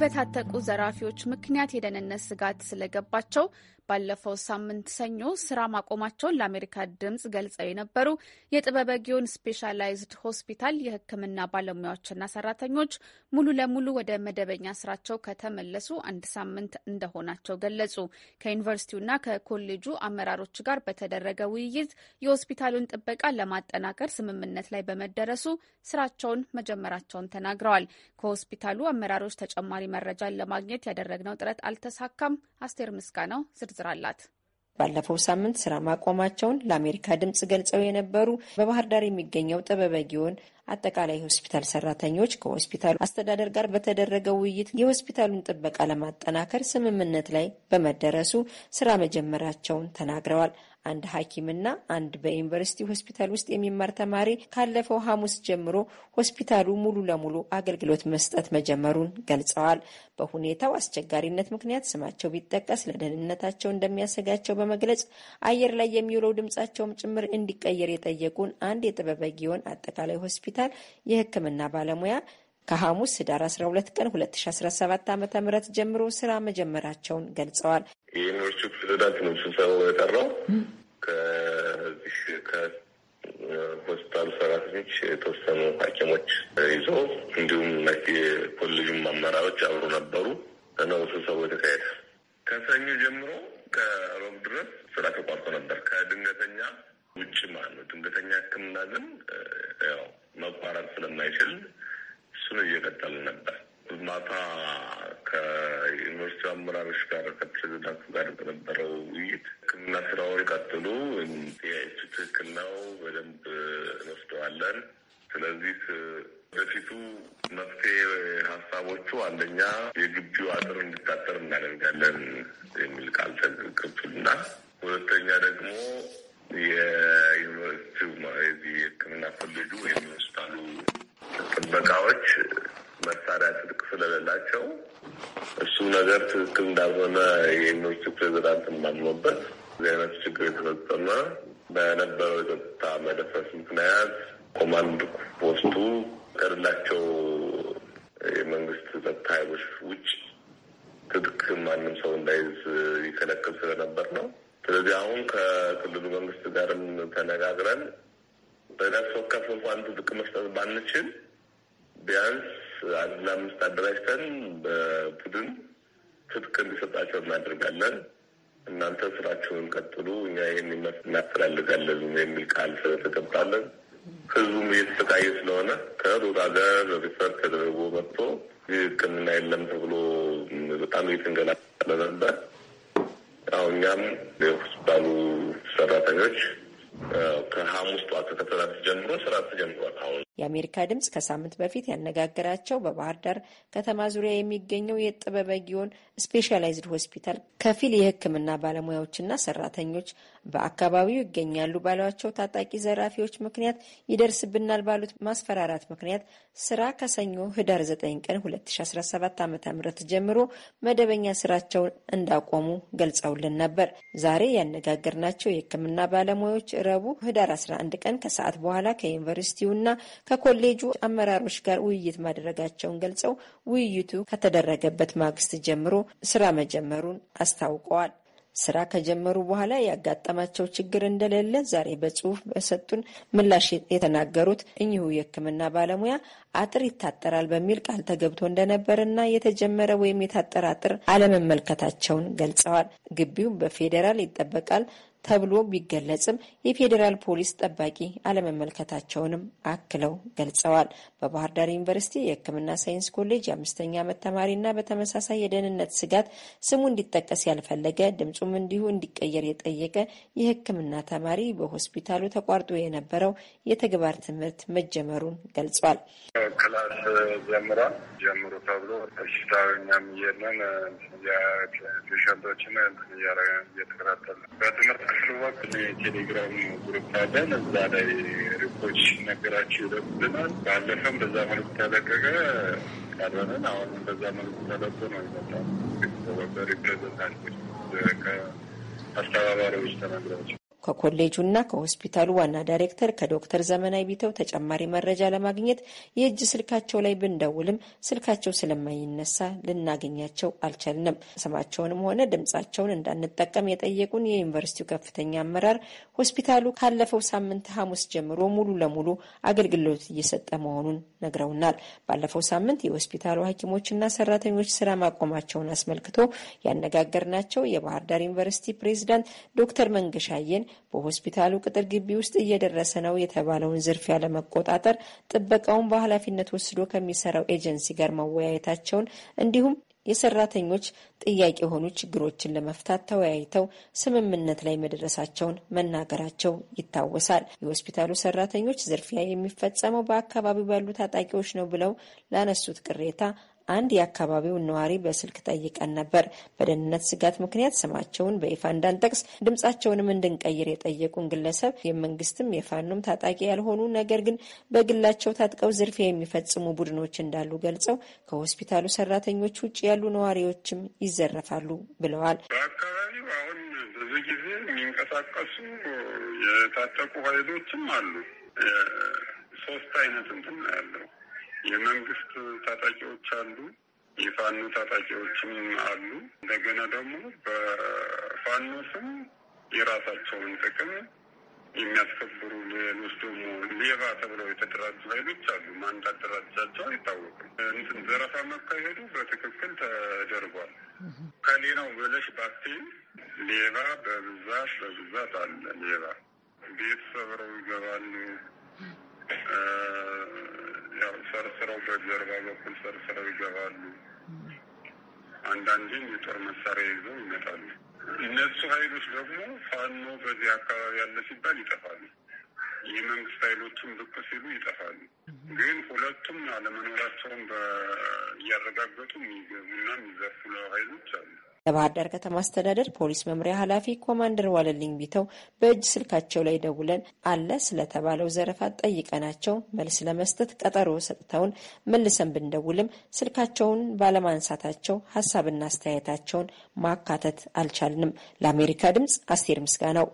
በታጠቁ ዘራፊዎች ምክንያት የደህንነት ስጋት ስለገባቸው ባለፈው ሳምንት ሰኞ ስራ ማቆማቸውን ለአሜሪካ ድምጽ ገልጸው የነበሩ የጥበበጊዮን ስፔሻላይዝድ ሆስፒታል የሕክምና ባለሙያዎችና ሰራተኞች ሙሉ ለሙሉ ወደ መደበኛ ስራቸው ከተመለሱ አንድ ሳምንት እንደሆናቸው ገለጹ። ከዩኒቨርሲቲውና ከኮሌጁ አመራሮች ጋር በተደረገ ውይይት የሆስፒታሉን ጥበቃ ለማጠናከር ስምምነት ላይ በመደረሱ ስራቸውን መጀመራቸውን ተናግረዋል። ከሆስፒታሉ አመራሮች ተጨማሪ መረጃን ለማግኘት ያደረግነው ጥረት አልተሳካም። አስቴር ምስጋናው ዝርዝር ዝርዝር አላት። ባለፈው ሳምንት ስራ ማቆማቸውን ለአሜሪካ ድምፅ ገልጸው የነበሩ በባህር ዳር የሚገኘው ጥበበ ጊዮን አጠቃላይ ሆስፒታል ሰራተኞች ከሆስፒታሉ አስተዳደር ጋር በተደረገው ውይይት የሆስፒታሉን ጥበቃ ለማጠናከር ስምምነት ላይ በመደረሱ ስራ መጀመራቸውን ተናግረዋል። አንድ ሐኪምና አንድ በዩኒቨርሲቲ ሆስፒታል ውስጥ የሚማር ተማሪ ካለፈው ሐሙስ ጀምሮ ሆስፒታሉ ሙሉ ለሙሉ አገልግሎት መስጠት መጀመሩን ገልጸዋል። በሁኔታው አስቸጋሪነት ምክንያት ስማቸው ቢጠቀስ ለደህንነታቸው እንደሚያሰጋቸው በመግለጽ አየር ላይ የሚውለው ድምጻቸውም ጭምር እንዲቀየር የጠየቁን አንድ የጥበበ ጊዮን አጠቃላይ ሆስፒታል የሕክምና ባለሙያ ከሐሙስ ህዳር 12 ቀን 2017 ዓ ም ጀምሮ ስራ መጀመራቸውን ገልጸዋል። የዩኒቨርሲቲው ፕሬዚዳንት ነው ስብሰባው የጠራው። ከዚህ ከሆስፒታሉ ሰራተኞች የተወሰኑ ሐኪሞች ይዞ እንዲሁም የኮሌጁም አመራሮች አብሮ ነበሩ ነው ስብሰባው የተካሄደ። ከሰኞ ጀምሮ ከሮብ ድረስ ስራ ተቋርጦ ነበር። ከድንገተኛ ውጭ ማለት ነው። ድንገተኛ ህክምና ግን ያው መቋረጥ ስለማይችል እሱን እየቀጠል ነበር። ማታ ከዩኒቨርስቲ አመራሮች ጋር ከፕሬዚዳንቱ ጋር በነበረው ውይይት ሕክምና ስራውን ቀጥሉ፣ ጥያቄ ትክክል ነው፣ በደንብ እንወስደዋለን። ስለዚህ በፊቱ መፍትሄ ሀሳቦቹ አንደኛ የግቢው አጥር እንዲታጠር እናደርጋለን የሚል ቃል ነገር ትክክል እንዳልሆነ የዩኒቨርስቲ ፕሬዚዳንት ማምኖበት እዚህ አይነት ችግር የተፈጸመ በነበረው የጸጥታ መደፈስ ምክንያት ኮማንድ ፖስቱ ከሌላቸው የመንግስት ጸጥታ ኃይሎች ውጭ ትጥቅ ማንም ሰው እንዳይዝ ይከለክል ስለነበር ነው። ስለዚህ አሁን ከክልሉ መንግስት ጋርም ተነጋግረን በነፍስ ወከፍ እንኳን ትጥቅ መስጠት ባንችል ቢያንስ አንድ ለአምስት አደራጅተን በቡድን ትጥቅ እንዲሰጣቸው እናደርጋለን። እናንተ ስራችሁን ቀጥሉ፣ እኛ ይህን እናፈላልጋለን የሚል ቃል ስለተገባለን ህዝቡም እየተሰቃየ ስለሆነ ከሩር ሀገር ሪፈር ተደርጎ መጥቶ ሕክምና የለም ተብሎ በጣም እየተንገላለ ነበር። አሁን እኛም የሆስፒታሉ ሰራተኞች ከሐሙስ ጠዋት ከሰላት ጀምሮ ስራ ተጀምሯል አሁን የአሜሪካ ድምፅ ከሳምንት በፊት ያነጋገራቸው በባህር ዳር ከተማ ዙሪያ የሚገኘው የጥበበ ጊዮን ስፔሻላይዝድ ሆስፒታል ከፊል የሕክምና ባለሙያዎችና ሰራተኞች በአካባቢው ይገኛሉ ባሏቸው ታጣቂ ዘራፊዎች ምክንያት ይደርስብናል ባሉት ማስፈራራት ምክንያት ስራ ከሰኞ ህዳር 9 ቀን 2017 ዓ ም ጀምሮ መደበኛ ስራቸውን እንዳቆሙ ገልጸውልን ነበር። ዛሬ ያነጋገርናቸው የሕክምና ባለሙያዎች ረቡዕ ህዳር 11 ቀን ከሰዓት በኋላ ከዩኒቨርሲቲውና ከኮሌጁ አመራሮች ጋር ውይይት ማድረጋቸውን ገልጸው ውይይቱ ከተደረገበት ማግስት ጀምሮ ስራ መጀመሩን አስታውቀዋል። ስራ ከጀመሩ በኋላ ያጋጠማቸው ችግር እንደሌለ ዛሬ በጽሁፍ በሰጡን ምላሽ የተናገሩት እኚሁ የሕክምና ባለሙያ አጥር ይታጠራል በሚል ቃል ተገብቶ እና የተጀመረ ወይም የታጠረ አጥር አለመመልከታቸውን ገልጸዋል። ግቢው በፌዴራል ይጠበቃል፣ ተብሎ ቢገለጽም የፌዴራል ፖሊስ ጠባቂ አለመመልከታቸውንም አክለው ገልጸዋል። በባህር ዳር ዩኒቨርሲቲ የሕክምና ሳይንስ ኮሌጅ የአምስተኛ ዓመት ተማሪና በተመሳሳይ የደህንነት ስጋት ስሙ እንዲጠቀስ ያልፈለገ ድምፁም እንዲሁ እንዲቀየር የጠየቀ የሕክምና ተማሪ በሆስፒታሉ ተቋርጦ የነበረው የተግባር ትምህርት መጀመሩን ገልጿል። ክላስ ጀምሯል ጀምሩ ተብሎ በሽታኛም የለን የሸንቶችን እየተከታተል በትምህርት ሽዋቅ የቴሌግራም ግሩፕ አለን። እዛ ላይ ሪፖች ነገራቸው ይደርሱልናል። ባለፈም በዛ መልኩ ተለቀቀ ቀረንን። አሁንም በዛ መልኩ ተለቆ ነው ይመጣል። በሪፕሬዘንታንቶች ከአስተባባሪዎች ተነግሯቸው ከኮሌጁና ከሆስፒታሉ ዋና ዳይሬክተር ከዶክተር ዘመናዊ ቢተው ተጨማሪ መረጃ ለማግኘት የእጅ ስልካቸው ላይ ብንደውልም ስልካቸው ስለማይነሳ ልናገኛቸው አልቻልንም። ስማቸውንም ሆነ ድምጻቸውን እንዳንጠቀም የጠየቁን የዩኒቨርሲቲው ከፍተኛ አመራር ሆስፒታሉ ካለፈው ሳምንት ሐሙስ ጀምሮ ሙሉ ለሙሉ አገልግሎት እየሰጠ መሆኑን ነግረውናል። ባለፈው ሳምንት የሆስፒታሉ ሐኪሞችና ሰራተኞች ስራ ማቆማቸውን አስመልክቶ ያነጋገርናቸው የባህር ዳር ዩኒቨርሲቲ ፕሬዚዳንት ዶክተር መንገሻየን በሆስፒታሉ ቅጥር ግቢ ውስጥ እየደረሰ ነው የተባለውን ዝርፊያ ለመቆጣጠር ጥበቃውን በኃላፊነት ወስዶ ከሚሰራው ኤጀንሲ ጋር መወያየታቸውን እንዲሁም የሰራተኞች ጥያቄ የሆኑ ችግሮችን ለመፍታት ተወያይተው ስምምነት ላይ መድረሳቸውን መናገራቸው ይታወሳል። የሆስፒታሉ ሰራተኞች ዝርፊያ የሚፈጸመው በአካባቢው ባሉ ታጣቂዎች ነው ብለው ላነሱት ቅሬታ አንድ የአካባቢውን ነዋሪ በስልክ ጠይቀን ነበር። በደህንነት ስጋት ምክንያት ስማቸውን በይፋ እንዳንጠቅስ ድምጻቸውንም እንድንቀይር የጠየቁን ግለሰብ የመንግስትም የፋኖም ታጣቂ ያልሆኑ ነገር ግን በግላቸው ታጥቀው ዝርፊያ የሚፈጽሙ ቡድኖች እንዳሉ ገልጸው ከሆስፒታሉ ሰራተኞች ውጭ ያሉ ነዋሪዎችም ይዘረፋሉ ብለዋል። በአካባቢው አሁን ብዙ ጊዜ የሚንቀሳቀሱ የታጠቁ ኃይሎችም አሉ። ሶስት አይነት እንትን ያለው የመንግስት ታጣቂዎች አሉ፣ የፋኖ ታጣቂዎችም አሉ። እንደገና ደግሞ በፋኖ ስም የራሳቸውን ጥቅም የሚያስከብሩ ሌሎች ደግሞ ሌባ ተብለው የተደራጁ ኃይሎች አሉ። ማን እንዳደራጃቸው አይታወቅም። እንትን ዘረፋ መካሄዱ በትክክል ተደርጓል። ከሌላው በለሽ ባክቴን ሌባ በብዛት በብዛት አለ። ሌባ ቤት ሰብረው ይገባሉ። ሰርስረው በጀርባ በኩል ሰርስረው ይገባሉ። አንዳንዴም የጦር መሳሪያ ይዘው ይመጣሉ። እነሱ ኃይሎች ደግሞ ፋኖ በዚህ አካባቢ ያለ ሲባል ይጠፋሉ። የመንግስት ኃይሎቹም ብቅ ሲሉ ይጠፋሉ። ግን ሁለቱም አለመኖራቸውን እያረጋገጡ የሚገቡና የሚዘፍለው ኃይሎች አሉ። ለባህር ዳር ከተማ አስተዳደር ፖሊስ መምሪያ ኃላፊ ኮማንደር ዋለልኝ ቢተው በእጅ ስልካቸው ላይ ደውለን አለ ስለተባለው ዘረፋ ጠይቀናቸው መልስ ለመስጠት ቀጠሮ ሰጥተውን መልሰን ብንደውልም ስልካቸውን ባለማንሳታቸው ሀሳብና አስተያየታቸውን ማካተት አልቻልንም። ለአሜሪካ ድምጽ አስቴር ምስጋናው